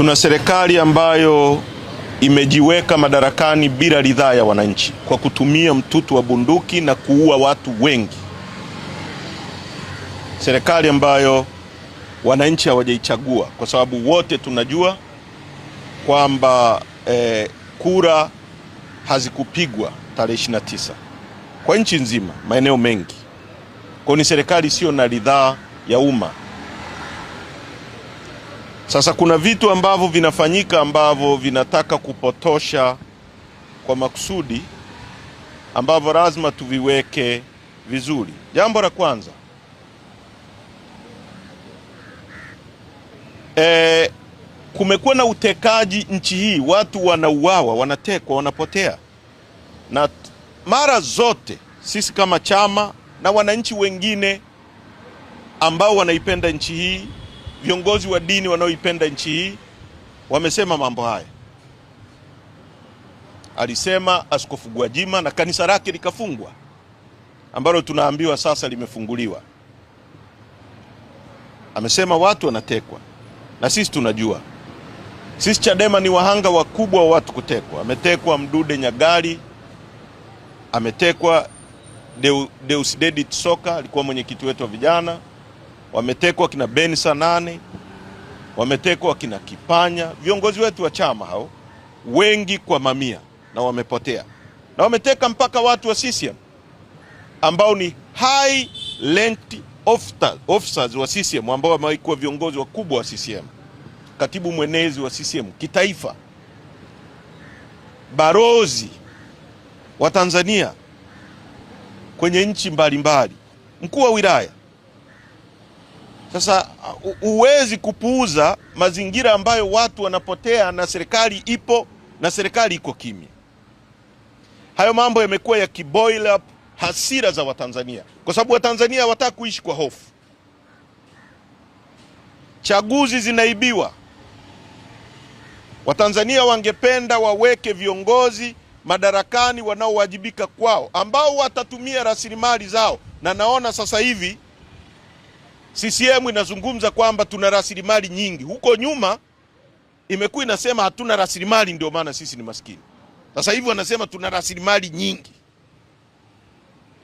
Tuna serikali ambayo imejiweka madarakani bila ridhaa ya wananchi kwa kutumia mtutu wa bunduki na kuua watu wengi, serikali ambayo wananchi hawajaichagua, kwa sababu wote tunajua kwamba eh, kura hazikupigwa tarehe 29 kwa nchi nzima, maeneo mengi. Kwa hiyo ni serikali isiyo na ridhaa ya umma. Sasa kuna vitu ambavyo vinafanyika ambavyo vinataka kupotosha kwa makusudi ambavyo lazima tuviweke vizuri. Jambo la kwanza e, kumekuwa na utekaji nchi hii, watu wanauawa, wanatekwa, wanapotea, na mara zote sisi kama chama na wananchi wengine ambao wanaipenda nchi hii viongozi wa dini wanaoipenda nchi hii wamesema mambo haya. Alisema Askofu Gwajima na kanisa lake likafungwa, ambalo tunaambiwa sasa limefunguliwa. Amesema watu wanatekwa, na sisi tunajua sisi Chadema ni wahanga wakubwa wa watu kutekwa. Ametekwa Mdude Nyagali, ametekwa Deusdedit Soka, alikuwa mwenyekiti wetu wa vijana wametekwa kina Ben Sanane, wametekwa kina Kipanya, viongozi wetu wa chama hao wengi kwa mamia, na wamepotea na wameteka mpaka watu wa CCM ambao ni high ranked officers wa CCM ambao wamewahi kuwa viongozi wakubwa wa CCM, katibu mwenezi wa CCM kitaifa, barozi wa Tanzania kwenye nchi mbalimbali, mkuu wa wilaya sasa huwezi kupuuza mazingira ambayo watu wanapotea na serikali ipo na serikali iko kimya. Hayo mambo yamekuwa ya kiboil up hasira za Watanzania kwa sababu Watanzania hawataka kuishi kwa hofu. Chaguzi zinaibiwa. Watanzania wangependa waweke viongozi madarakani wanaowajibika kwao, ambao watatumia rasilimali zao, na naona sasa hivi CCM inazungumza kwamba tuna rasilimali nyingi. Huko nyuma imekuwa inasema hatuna rasilimali, ndio maana sisi ni maskini. Sasa hivi wanasema tuna rasilimali nyingi.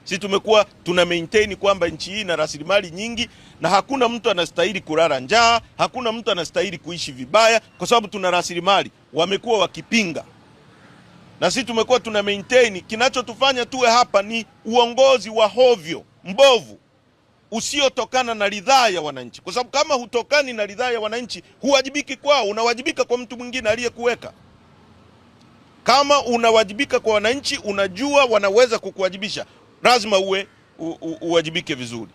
Sisi tumekuwa tuna maintain kwamba nchi hii ina rasilimali nyingi, na hakuna mtu anastahili kulala njaa, hakuna mtu anastahili kuishi vibaya, kwa sababu tuna rasilimali. Wamekuwa wakipinga, na sisi tumekuwa tuna maintain. Kinachotufanya tuwe hapa ni uongozi wa hovyo mbovu usiotokana na ridhaa ya wananchi, kwa sababu kama hutokani na ridhaa ya wananchi huwajibiki kwao, unawajibika kwa mtu mwingine aliyekuweka. Kama unawajibika kwa wananchi, unajua wanaweza kukuwajibisha, lazima uwe uwajibike vizuri.